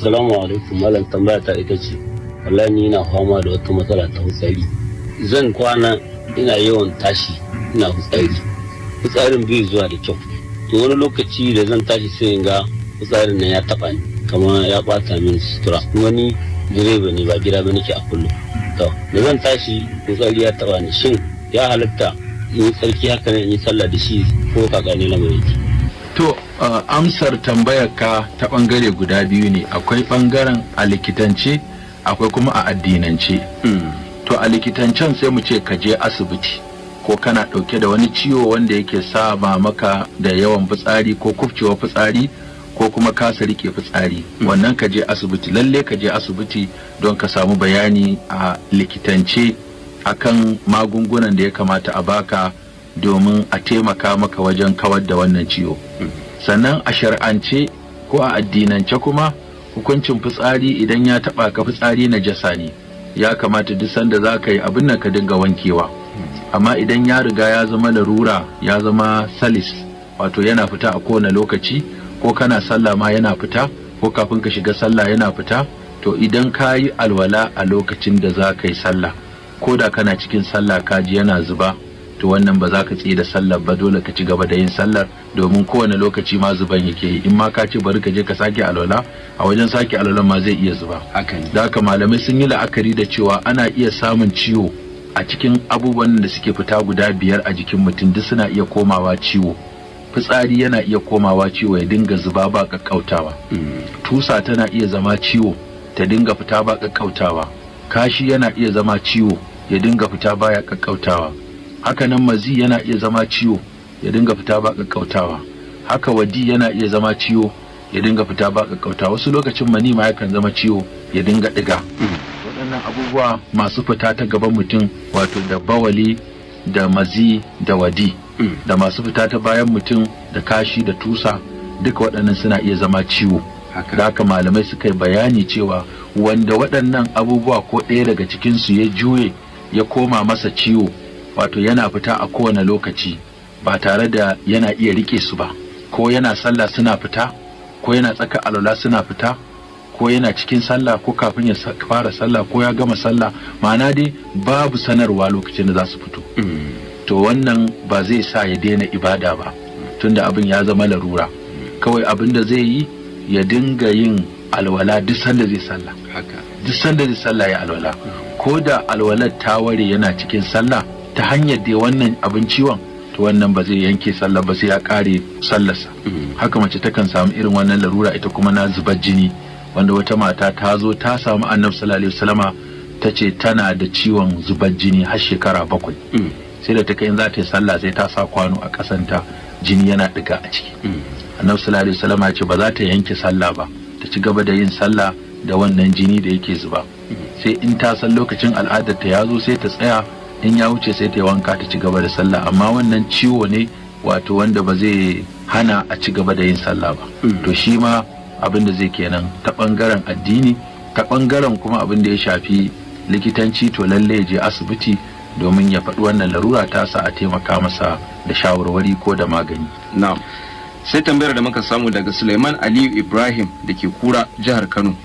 Salamu alaikum malam tambaya ta ita ce wallahi ni na fama da wata matsala ta hutsari zan kwana ina yawan tashi ina hutsari fitsarin bai zuwa da kyau to wani lokaci da zan tashi sai in ga fitsarin na ya taba ni kamar ya bata min sutura wani direba ne ba gida ba nake a kullum to da zan tashi fitsari ya taba ni shin ya halatta in sarki haka ne in yi sallah da shi ko kaka na lamarin to uh, amsar tambayarka ta bangare guda biyu ne akwai bangaren a likitance akwai kuma a addinance mm. to a likitancen sai mu ce ka je asibiti ko kana ɗauke da wani ciwo wanda yake sa maka da yawan fitsari ko kufcewa fitsari ko kuma kasa rike fitsari mm. wannan ka je asibiti lalle ka je asibiti don ka samu bayani a likitance akan magungunan da ya kamata a baka domin a taimaka maka wajen kawar da wannan ciwo hmm. sannan a shar'ance ko a addinance kuma hukuncin fitsari idan ya taba ka fitsari na jasa ne ya kamata duk sanda za ka yi abin nan ka dinga wankewa hmm. amma idan ya riga ya zama larura ya zama salis wato yana fita a kowane lokaci ko kana sallah ma yana fita ko kafin ka shiga sallah yana fita to idan ka yi alwala a lokacin da za ka yi sallah ko da kana cikin sallah kaji yana zuba to wannan ba za ka tsaye da sallar ba dole ka ci gaba da yin sallar domin kowane lokaci ma zuban yake yi in ma ka ce bari ka je ka sake alwala a wajen sake alwalan ma zai iya zuba da haka malamai sun yi la'akari da cewa ana iya samun ciwo a cikin abubuwan da suke fita guda biyar a jikin mutum duk suna iya komawa ciwo fitsari yana iya komawa ciwo ya dinga zuba ba kakkautawa mm. tusa tana iya zama ciwo ta dinga fita ba kakkautawa kashi yana iya zama ciwo ya dinga fita baya kakkautawa haka nan mazi yana iya zama ciwo ya dinga fita ba kakkautawa haka wadi yana iya zama ciwo ya dinga fita ba kakkautawa wasu lokacin mani ma yakan zama ciwo ya dinga diga waɗannan abubuwa masu fita ta gaban mutum wato da bawali da mazi da wadi da masu fita ta bayan mutum da kashi da tusa duka waɗannan suna iya zama ciwo da haka malamai suka yi bayani cewa wanda waɗannan abubuwa ko ɗaya daga cikinsu ya juye ya koma masa ciwo wato yana fita a kowane lokaci ba tare da yana iya rike su ba ko yana sallah suna fita ko yana tsaka alwala suna fita ko yana cikin sallah ko kafin ya fara sallah ko ya gama sallah ma'ana dai babu sanarwa lokacin da za su fito mm. to wannan ba zai sa ya daina ibada ba tunda abin ya zama larura kawai abin da zai yi ya dinga yin alwala duk sanda zai sallah duk sanda zai sallah ya alwala mm. ko da alwalar ta ware yana cikin sallah ta hanyar da wannan abin ciwon to wannan ba zai yanke sallar ba sai ya kare sallarsa mm-hmm. haka mace takan samu irin wannan larura ita kuma na zubar jini wanda wata mata ta zo ta samu annabi sallallahu alaihi ta ce tana da ciwon zubar jini har shekara bakwai mm-hmm. sai da ta kai za ta yi sallah sai ta sa kwano a kasanta jini yana diga a ciki mm-hmm. annabi sallallahu alaihi ya ce ba za ta yanke sallah ba ta ci gaba da yin sallah da wannan jini da yake zuba sai in ta san lokacin al'adar ta ya zo sai ta tsaya in ya wuce sai ta yi wanka ta ci gaba da sallah amma wannan ciwo ne wato wanda ba zai hana a ci gaba da yin sallah ba mm. to shi ma abin da zai kenan ta bangaren addini ta bangaren kuma abin da ya shafi likitanci to lalle ya je asibiti domin ya faɗi wannan larura ta sa a taimaka masa da shawarwari ko da magani na'am sai tambayar da muka samu daga Suleiman Aliyu Ibrahim da ke kura jihar Kano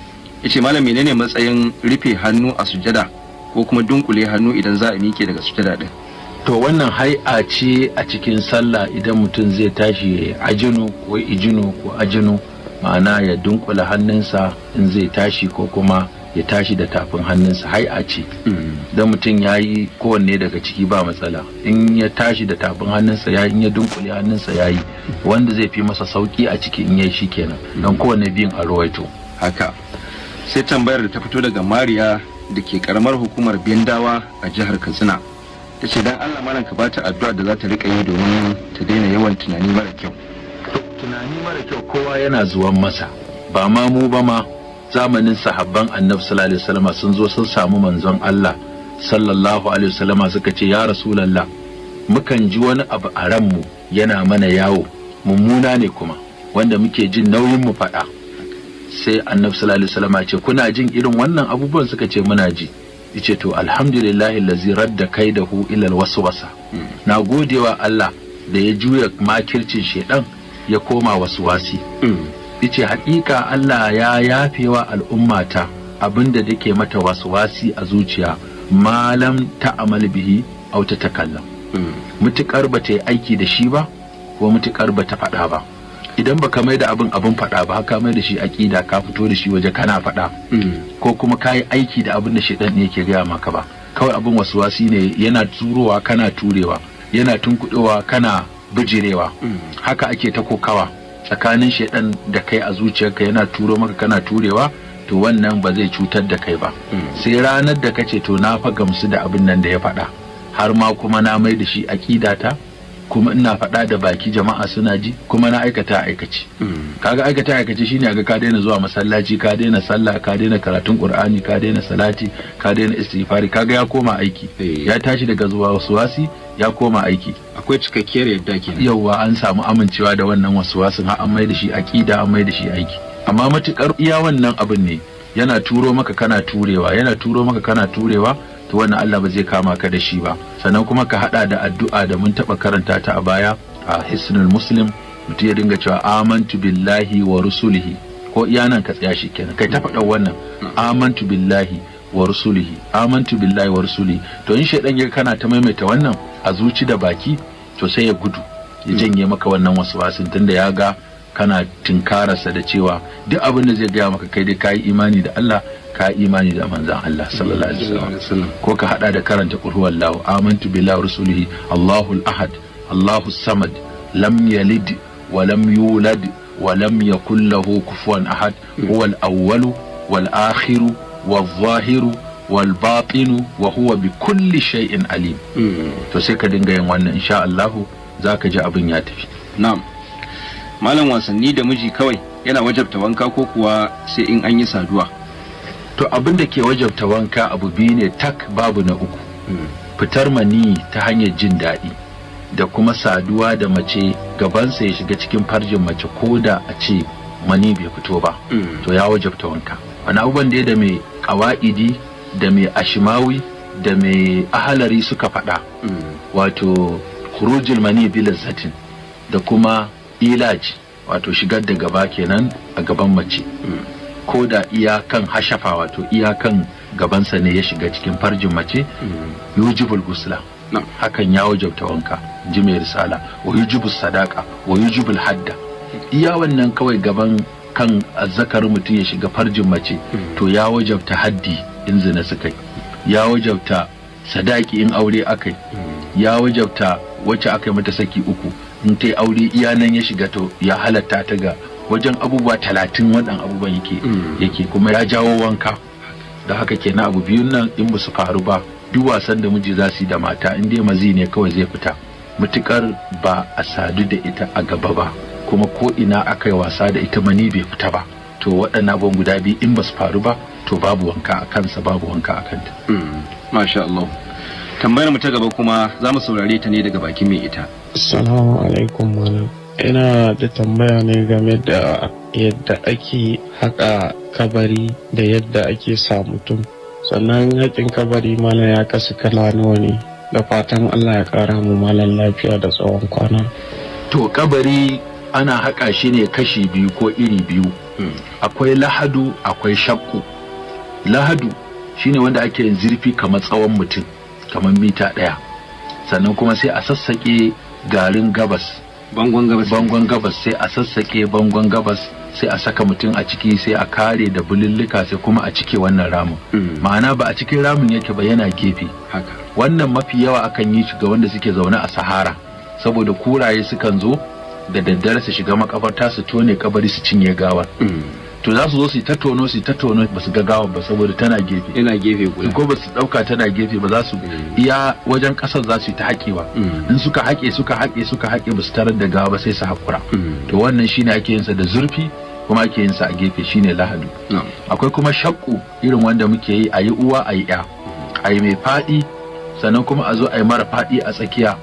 yace malam menene matsayin rufe hannu a sujada ko kuma dunkule hannu idan za a miƙe daga sujada din to wannan hai'a ce a cikin sallah idan mutum zai tashi ajinu ko ijinu ko ajinu ma'ana ya dunkula hannunsa in zai tashi ko kuma ya tashi da tafin hannunsa hai'a ce mm. don mutum ya yi kowanne daga ciki ba matsala in ya tashi da tafin hannunsa ya in ya dunkule hannunsa ya yi wanda zai fi masa sauki a ciki in ya yi shi kenan don mm. kowanne biyun a rawaito haka sai tambayar da ta fito daga mariya da ke karamar hukumar bindawa a jihar katsina ta ce don allah malam ka bata addu'a da za ta rika yi domin ta daina yawan tunani mara kyau tunani mara kyau kowa yana zuwan masa ba ma mu ba ma zamanin sahabban annabi sallallahu alaihi wasallam sun zo sun samu manzon allah sallallahu alaihi wasallam suka ce ya rasulullah mukan ji wani abu a ranmu yana mana yawo mummuna ne kuma wanda muke jin nauyin mu faɗa sai annabi sallallahu alaihi wasallam ce kuna jin irin wannan abubuwan suka ce muna ji yace to alhamdulillahi lazi radda kaidahu ilal waswasa na godewa Allah da ya juya makircin shedan ya koma waswasi yace hakika Allah ya yafewa al'ummata abinda dake mata waswasi a zuciya malam ta amal bihi au ta takallam mutukar bata yi aiki da shi ba ko mutukar bata faɗa ba idan baka mai da abin abin faɗa ba ka mai da shi aƙida ka fito da shi waje kana faɗa mm. ko kuma ka aiki da abin da shaidan ne yake gaya maka ba kawai abin wasuwasi ne yana turowa kana turewa yana tunkuɗewa kana bijirewa mm. haka ake ta kokawa tsakanin shaidan da kai a zuciyarka yana turo maka kana turewa to wannan ba zai cutar da kai ba mm. sai ranar da kace to na fa gamsu da abin nan da ya faɗa har ma kuma na mai da shi aƙidata kuma ina faɗa da baki jama'a suna ji kuma na aikata aikace mm. kaga aikata aikace shine ga ka daina zuwa masallaci ka daina sallah ka daina karatun qur'ani ka daina salati ka daina istighfari kaga ya koma aiki eh. ya tashi daga zuwa wasuwasi ya koma aiki akwai cikakkiyar yadda kenan yauwa an samu amincewa da wannan wasuwasin har an mai da shi aqida an mai da shi aiki amma matukar iya wannan abin ne yana turo maka kana turewa yana turo maka kana turewa to wannan Allah ba zai kama ka da shi ba sannan kuma ka hada da addu'a da mun taba karanta ta a baya a hisnul muslim mutum ya dinga cewa amantu billahi wa rusulihi ko iya nan ka tsaya shi kenan kai ta faɗa wannan amantu billahi wa rusulihi amantu billahi wa rusulihi to in shaidan ya kana ta maimaita wannan a zuci da baki to sai ya gudu ya janye maka wannan wasu wasin tunda ya ga kana tinkararsa da cewa duk abin da zai gaya maka kai dai kayi imani da Allah ka yi imani da manzan Allah sallallahu alaihi wasallam ko ka hada da karanta qul huwallahu amantu billahi rasulihi Allahu ahad Allahu samad lam yalid wa lam yulad wa lam yakul lahu kufuwan ahad huwa al-awwal wal akhir wal zahir wal batin wa huwa bi kulli shay'in alim hmm. to sai ka dinga yin wannan insha Allah zaka ji abin ya tafi na'am malam wasanni da miji kawai yana wajabta wanka ko kuwa sai in an yi saduwa to abin da ke wajabta wanka abu biyu ne tak babu na uku fitar mani ta hanyar jin daɗi da kuma saduwa da mace gabansa ya shiga cikin farjin mace ko da a ce mani bai fito ba mm. to ya wajabta wanka wani abubuwan da mai ƙawa'idi da mai ashimawi da mai ahalari suka faɗa mm. wato khurujul mani bila zatin da kuma ilaj wato shigar da gaba kenan a gaban mace hmm. ko da iyakan hashafa wato iya iyakan gabansa ne ya shiga cikin farjin mace hmm. yujibul gusla hakan ya wajabta wanka ji mai risala wa yujibul sadaka wa yujibul hadda iya wannan kawai gaban kan azzakarin mutum ya shiga farjin mace hmm. to ya wajabta haddi in zina suka ya wajabta sadaki in aure akai ya wajabta wacce aka yi mata saki uku in ta yi aure iya nan ya shiga to ya halatta ta ga wajen abubuwa talatin waɗan abubuwan yake mm. yake kuma ya jawo wanka da haka ke na abu biyun nan in ba su faru ba duk wasan da miji za su yi da mata in dai mazi ne kawai zai fita mutukar ba a sadu da ita a gaba ba kuma ko ina aka yi wasa da ita mani bai fita ba to waɗannan abubuwan guda biyu in ba su faru ba to babu wanka a kansa babu wanka a kanta. Mm. masha Allah tambayar mu ta gaba kuma za mu saurare ta ne daga bakin mai ita Assalamu alaikum malam. Ina da tambaya ne game da yadda ake haƙa kabari da yadda ake sa mutum. Sannan haƙin kabari malam ya kasu kala nawa ne. Da fatan Allah ya ƙara mu malam lafiya da tsawon kwana. To kabari ana haƙa shi ne kashi biyu ko iri biyu. Hmm. Akwai lahadu akwai shakku. Lahadu shine wanda ake yin zurfi kamar tsawon mutum kamar mita ɗaya. Sannan kuma sai a sassaƙe garin gabas bangon gabas bangon gabas sai a sassake bangon gabas sai a saka mutum a ciki sai a kare da bululluka sai kuma a cike wannan ramin hmm. ma'ana ba a cikin ramin yake ba yana gefe haka wannan mafi yawa akan yi shi ga wanda suke zaune a sahara saboda kuraye sukan zo da daddare su shiga makabarta su tone kabari su cinye gawar hmm. to za su zo su yi su yi ba su gagawa ba saboda tana gefe Ina gefe kuma ko ba su dauka tana gefe ba za su mm. iya wajen kasar za su yi ta haƙewa mm. in suka haƙe suka haƙe suka haƙe ba su tarar da gawa ba sai su hakura mm. to wannan shine ake yin sa da zurfi kuma ake yin sa a gefe shine lahadu akwai kuma shakku irin wanda muke yi a yi uwa a yi ya a yi mai faɗi sannan kuma a zo a yi mara faɗi a tsakiya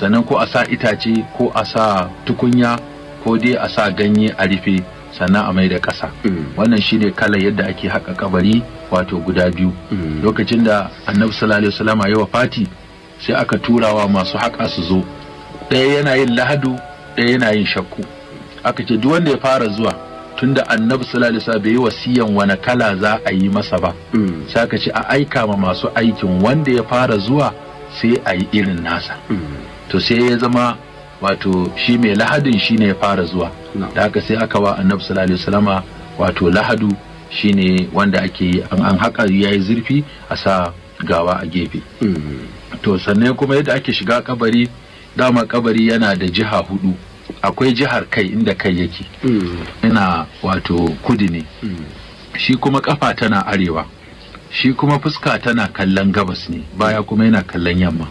sannan ko a sa itace ko a sa tukunya ko dai a sa ganye a rufe sannan a mai da ƙasa mm. wannan shine kalar yadda ake haƙa ƙabari wato guda biyu mm. lokacin da annabi sallallahu alaihi yi wafati sai aka turawa masu haƙa su zo ɗaya yana yin lahadu ɗaya yana yin shakku aka ce duk wanda ya fara zuwa tunda annabi sallallahu alaihi bai yi wasiyan wani kala za a yi masa ba mm. sai aka ce a aika ma masu aikin wanda ya fara zuwa sai a yi irin nasa to sai ya zama wato shi mai lahadin shine ya fara zuwa da haka sai aka wa annabi sallallahu alaihi wato lahadu shine wanda ake yi an haka yayi zurfi a sa gawa a gefe hmm. to sannan kuma yadda ake shiga kabari dama kabari yana da jiha hudu akwai jihar kai inda kai yake hmm. Ina wato kudi ne hmm. shi kuma kafa tana arewa shi kuma fuska tana kallon gabas ne baya kuma yana kallon yamma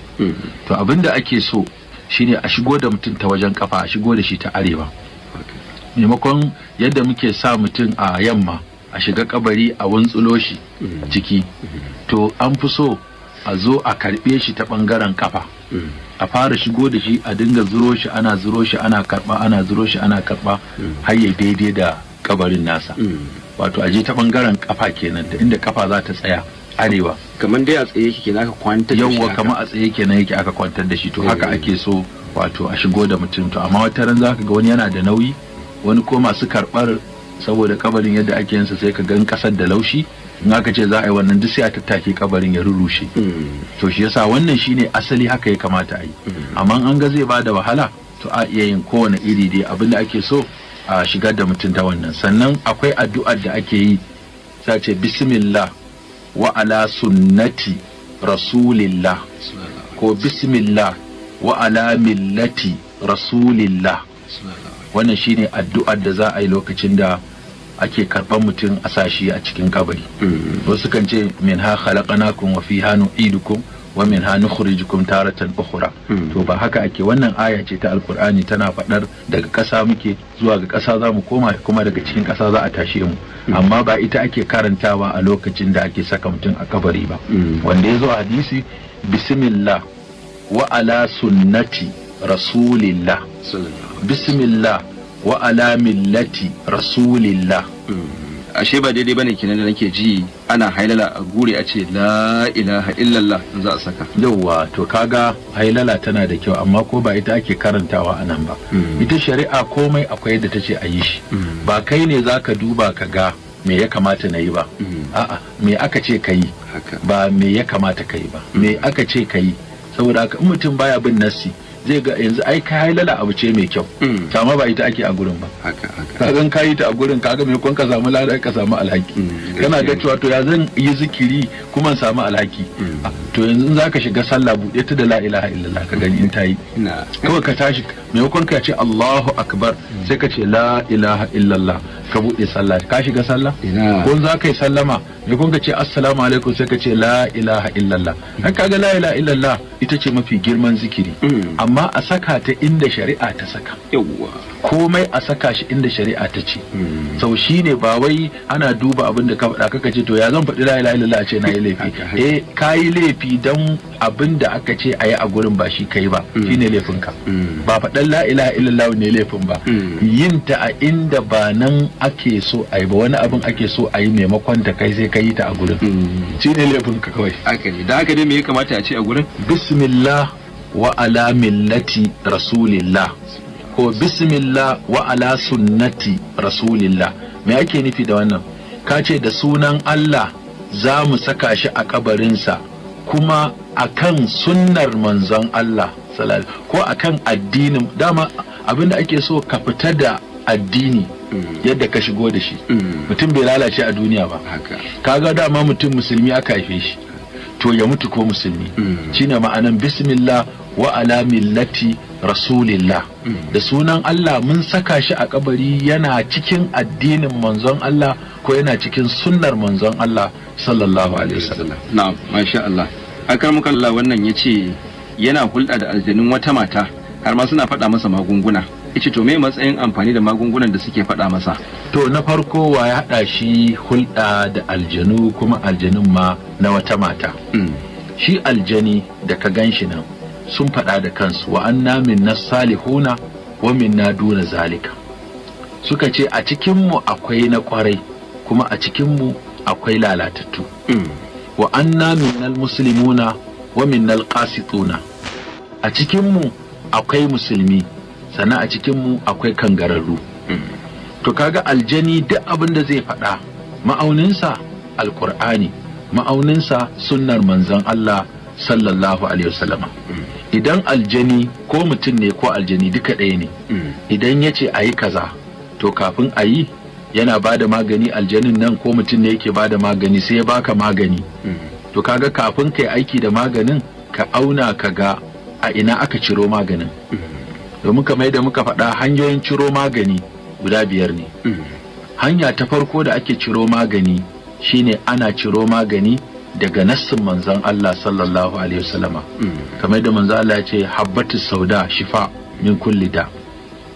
to abinda ake so shine a shigo da mutum ta wajen kafa a shigo da shi ta arewa maimakon yadda muke sa mutum a yamma a shiga kabari a wuntsulo shi mm. ciki mm. to an fi so a zo a karɓe shi ta ɓangaren kafa mm. a fara shigo da shi a dinga zuro shi ana zuro shi ana karba ana zuro shi ana karɓa har ya daidai da kabarin nasa wato a je ta ɓangaren kafa kenan da inda kafa za ta tsaya arewa kamar dai a tsaye yake aka kwantar da shi yawwa kamar a tsaye yake nan yake aka kwantar da shi to haka eh. ake so wato a shigo da mutum to amma wata ran zaka ga wani yana da nauyi wani ko masu karbar saboda kabarin yadda ake yinsa sai ka gan kasar da laushi in aka ce za a yi wannan duk sai a tattake kabarin ya rurushe mm. to shi yasa wannan shine asali haka ya kamata a yi mm. amma an ga zai ba da wahala to a iya yin kowane iri dai abin da ake so a shigar da mutum ta wannan sannan akwai addu'ar da ake yi sai ce bismillah wa ala sunnati rasulillah ko bismillah wa ala millati rasulillah wannan shine addu'ar da za a yi lokacin da ake karɓar mutum a sashi a cikin kabari mm. wasu kan ce min ha khalaqnakum wa fiha nu'idukum wa min ha nukhrijukum taratan ukhra to ba haka ake wannan aya ce ta alqur'ani tana faɗar daga ƙasa muke zuwa ga ƙasa za mu koma kuma daga cikin ƙasa za a tashe mu amma ba ita ake karantawa a lokacin da ake saka mutum a kabari ba wanda ya zo hadisi bismillah wa ala sunnati rasulillah bismillah wa ala millati rasulillah ashe ba daidai bane kenan da nake ji ana hailala a gure a ce la ilaha illallah in za a saka yauwa to kaga hailala tana da kyau amma ko ba ita ake karantawa a nan ba hmm. ita shari'a komai akwai yadda ta ce a yi shi hmm. ba kai ne za ka duba ka ga me ya kamata na yi ba hmm. a'a me aka ce ka yi ba me ya kamata ka yi ba me aka ce ka yi saboda haka in mutum baya bin nassi zai ga yanzu ai ka hailala abu ce mai kyau sama mm. ba ita ake a gurin ba ka zan ka yi ta a gurin ka ga mai ka samu lada ka samu alhaki mm, kana ga cewa to ya zan yi zikiri kuma samu alhaki mm. ah, to yanzu za ka shiga sallah buɗe ta da la ilaha illallah ka gani in ta yi kawai ka tashi maimakon ka ce Allahu akbar sai ka ce la ilaha illallah ka buɗe sallah ka shiga sallah ko za ka yi sallama maimakon ka ce assalamu alaikum sai ka ce la ilaha illallah an kaga la ilaha illallah ita ce mafi girman zikiri mm. amma a saka ta inda shari'a ta saka komai a saka shi inda shari'a ta ce mm. sau shi ne ba wai ana duba abin da ka faɗa kaka ce to ya zan faɗi la ilaha illallah a ce na yi laifi eh ka yi laifi laifi don abin da aka ce a yi a gurin ba shi kai ba mm. shi ne laifinka mm. ba faɗan la ilaha illallah ne laifin ba mm. yin ta a inda ba nan ake so a yi ba wani abin ake so a yi maimakon da kai sai ka yi ta a gurin shi ne laifinka kawai aka ne da aka ne me ya kamata a ce a gurin bismillah wa ala millati rasulillah ko bismillah wa ala sunnati rasulillah me ake nufi da wannan ka ce da sunan Allah za mu saka shi a kabarinsa kuma akan sunnar manzon Allah ko akan addinin dama abinda ake so ka fita da addini mm. yadda ka shigo da shi mm. mutum bai lalace a duniya ba kaga dama mutum musulmi aka haife shi to ya mutu ko musulmi mm. shine ma'anan bismillah wa ala millati rasulillah da sunan Allah mun saka shi a kabari yana cikin addinin manzon Allah ko yana cikin sunnar manzon Allah sallallahu alaihi wasallam na'am masha Allah akramaka Allah wannan yace yana hulɗa da aljanin wata mata har ma suna faɗa masa magunguna yace to me matsayin amfani da magungunan da suke faɗa masa to na farko wa ya haɗa shi hulɗa da aljanu kuma aljanin ma na wata mata hmm. shi aljani da ka gan shi nan sun faɗa da kansu wa anna minna salihuna wa na duna zalika suka ce a cikinmu akwai na kwarai kuma a cikinmu akwai lalatattu hmm. wa anna minnal musulmuna wa minnal qasituna a cikinmu akwai musulmi sannan a cikinmu akwai kangararru hmm. to kaga aljani duk abin da zai faɗa ma'auninsa alƙur'ani ma'auninsa sunnar manzon Allah sallallahu alaihi wasallama hmm. idan aljani ko mutum ne ko aljani duka ɗaya ne idan ya ce a yi kaza to kafin a yi yana bada magani aljanin nan ko mutum ne yake bada magani sai ya baka magani mm-hmm. to kaga kafin kai aiki da maganin ka auna ka ga a ina aka ciro maganin mm-hmm. domin kamar da muka faɗa hanyoyin ciro magani guda biyar ne mm-hmm. hanya ta farko da ake ciro magani shine ana ciro magani daga nassin manzon Allah sallallahu alaihi wasallama kamar da manzon Allah ya ce habbatus sauda shifa min kulli da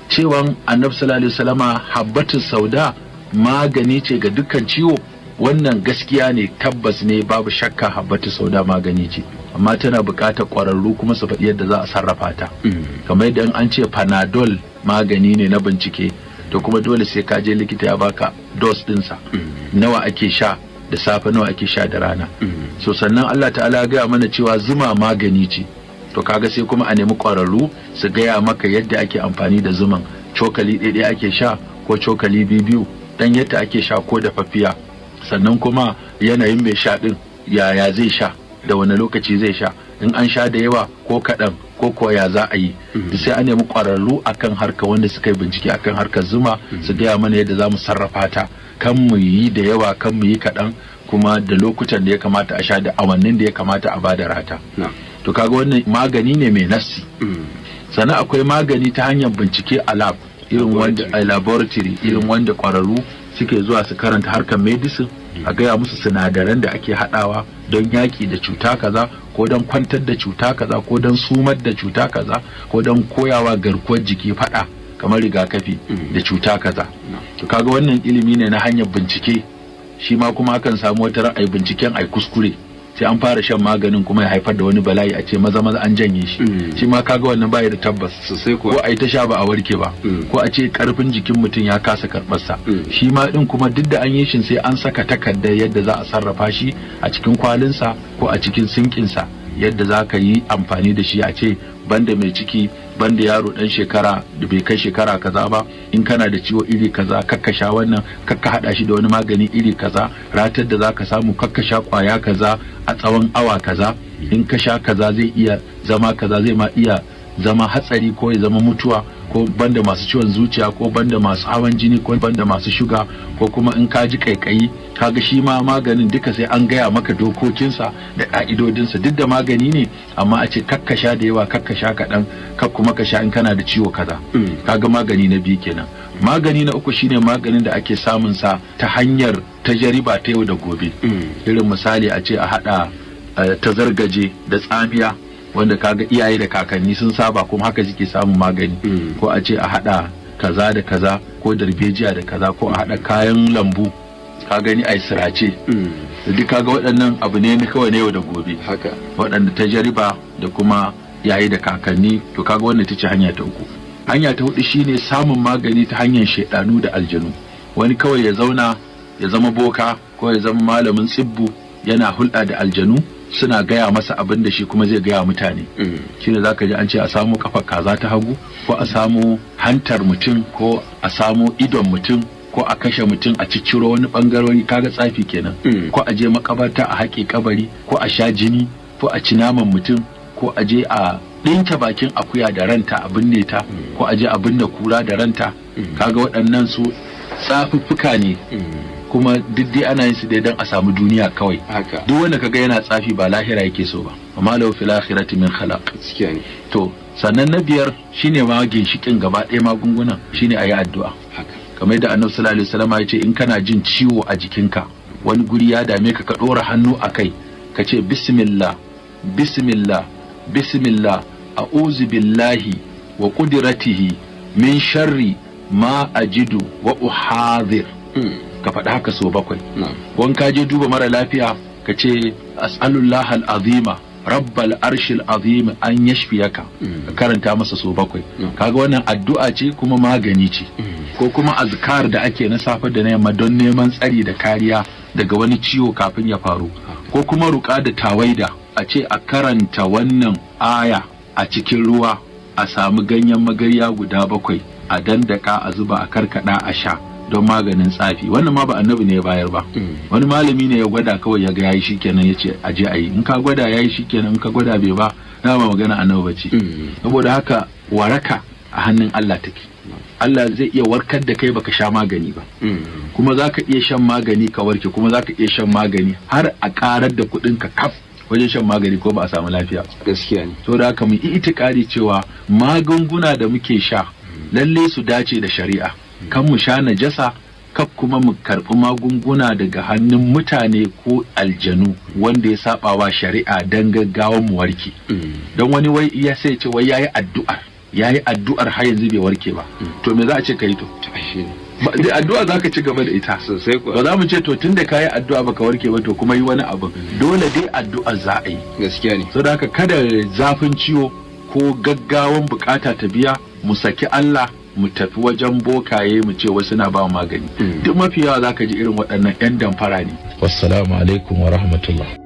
cewan annabi sallallahu alaihi wasallama habbatu sauda magani ce ga dukkan ciwo wannan gaskiya ne tabbas ne babu shakka habbatu sauda magani ce amma tana bukatar ƙwararru kuma su faɗi yadda za a sarrafa ta mm. kamar yadda an ce panadol magani ne na bincike to kuma dole sai ka je likita ya baka dos dinsa. Mm. nawa ake sha da safe nawa ake sha da rana mm. so sannan Allah ta'ala gaya mana cewa zuma magani ce to kaga sai kuma a nemi ƙwararru su gaya maka yadda ake amfani da zuman cokali ɗaya ake sha ko cokali biyu dan yadda ake sha ko dafaffiya sannan kuma yanayin mai sha ɗin yaya zai sha da wani lokaci zai sha in an sha da yawa ko kaɗan ko koya za a yi mhm. sai an nemi ƙwararru akan harka wanda suka yi bincike akan harkar zuma mhm. su gaya mana yadda za mu sarrafa ta kan mu yi da yawa kan mu yi kaɗan kuma da lokutan da ya kamata a sha da awannin da ya kamata a ba da rata to kaga wannan magani ne mai nassi mhm. sannan akwai magani ta hanyar bincike a lab irin wanda a laboratory irin hmm. wanda kwararru suke zuwa su karanta harkar medicine hmm. a gaya musu sinadaran da ake hadawa don yaƙi da cuta kaza ko don kwantar da cuta kaza ko don sumar da cuta kaza ko don koyawa garkuwar jiki fada kamar rigakafi hmm. da cuta kaza to kaga wannan ilimi ne na hanyar bincike shi ma kuma akan samu wata ra'ayi binciken ai kuskure sai an fara shan maganin kuma ya haifar da wani bala'i a ce maza maza an janye shi mm. shi ma kaga wannan bai da tabbas ko a yi ta sha ba a warke ba mm. ko a ce karfin jikin mutum ya kasa karɓar sa mm. shi ma din kuma duk da an yi shi sai an saka takardar yadda za a sarrafa shi a cikin kwalin sa ko a cikin sinkin sa yadda za ka yi amfani da shi a ce banda mai ciki banda yaro dan shekara da bai kai shekara kaza ba in kana da ciwo iri kaza kakkasha wannan kakka hada shi da wani magani iri kaza ratar da zaka samu kakkasha kwaya kaza a tsawon awa kaza in ka sha kaza zai iya zama kaza zai ma iya zama hatsari ko ya zama mutuwa ko banda masu ciwon zuciya ko banda masu hawan jini ko banda masu shuga ko kuma in ka ji kaikayi kaga shi ma maganin duka sai an gaya maka dokokinsa da ka'idodinsa duk da magani ne amma a ce kakkasha da yawa kakkasha kaɗan kak kuma ka sha in kana da ciwo kaza mm. kaga magani na biyu kenan magani na uku shine maganin da ake samun sa ta hanyar ta jariba ta yau da gobe mm. irin misali a ce a haɗa eh, tazargaje da tsamiya wanda kaga iyaye da kakanni sun saba kuma haka suke samun magani hmm. ko a ce a hada kaza da kaza ko darbejiya da kaza ko a hada kayan lambu ka gani a sirace da hmm. duk kaga waɗannan abu ne kawai na yau da gobe haka waɗanda ta jariba da kuma yayi da kakanni to kaga wannan ta ce hanya ta uku hanya ta hudu shine samun magani ta hanyar shaidanu da aljanu wani kawai ya zauna ya zama boka ko ya zama malamin tsibbu yana hulɗa da aljanu suna gaya masa abin da shi kuma zai gaya mutane mm. shi za ka ji an ce a samu kafa kaza ta hagu ko a samu hantar mutum ko a samu idon mutum ko a kashe mutum a cicciro wani bangarori kaga tsafi kenan mm. ko a je makabarta a haƙe kabari ko a sha jini ko a ci naman mutum ko a je a ɗinke bakin akuya da ranta a binne ta mm. ko a je a binne kura da ranta kaga waɗannan su tsafuffuka ne kuma duk dai ana yin su dai don a samu duniya kawai duk wanda ga yana tsafi ba lahira yake so ba amma lahu fil akhirati min khalaq to sannan na biyar shine ma ginshikin gaba ɗaya magungunan shine ayi addu'a kamar yadda annabi sallallahu alaihi wasallam ya ce in kana jin ciwo a jikinka wani guri ya dame ka ka ɗora hannu a kai ka ce bismillah bismillah bismillah a'udhu billahi wa qudratihi min sharri ma ajidu wa uhadhir hmm. ka faɗi haka so bakwai wan ka je duba mara lafiya ka ce as'alullah al'azima rabbal arshil azim an yashfiyaka ka karanta masa so bakwai kaga wannan addu'a ce kuma magani ce ko kuma azkar da ake na safe da na yamma don neman tsari da kariya daga wani ciwo kafin ya faru ko kuma ruka da tawaida a ce a karanta wannan aya a cikin ruwa a sami ganyen magarya guda bakwai a dandaka a zuba a karkada a sha don maganin tsafi wannan ma ba annabi ne ya bayar ba hmm. wani malami ne ya gwada kawai ya ga yayi shikenan ya ce aje yi. in ka gwada yayi shikenan in ka gwada bai ba na ba magana annabi ba hmm. saboda haka waraka a hannun Allah take Allah zai iya warkar da kai baka sha magani ba hmm. kuma zaka iya shan magani ka warke kuma zaka iya shan magani har a karar da kuɗin ka kaf wajen shan magani ko ba a samu lafiya gaskiya ne to da haka mu itikadi cewa magunguna da muke sha lalle su dace da shari'a kan mu sha najasa kaf kuma mu karɓi magunguna daga hannun mutane ko aljanu wanda ya saba wa shari'a don gaggawan mu warke mm. don wani wai ya sai ce wai yayi addu'ar yayi addu'ar har yanzu bai warke ba mm. to me za a ce kai to addu'a za ka ci gaba da ita sosai kuwa ba za mu ce to tun da kayi addu'a baka warke ba to kuma yi wani abu mm. dole dai addu'a za a yi gaskiya ne saboda haka kada zafin ciwo ko gaggawan bukata ta biya mu saki Allah mu tafi wajen bokaye mu ce wasu na ba magani hmm. duk mafi yawa zaka ji irin waɗannan 'yan damfara ne wassalamu alaikum wa rahmatullah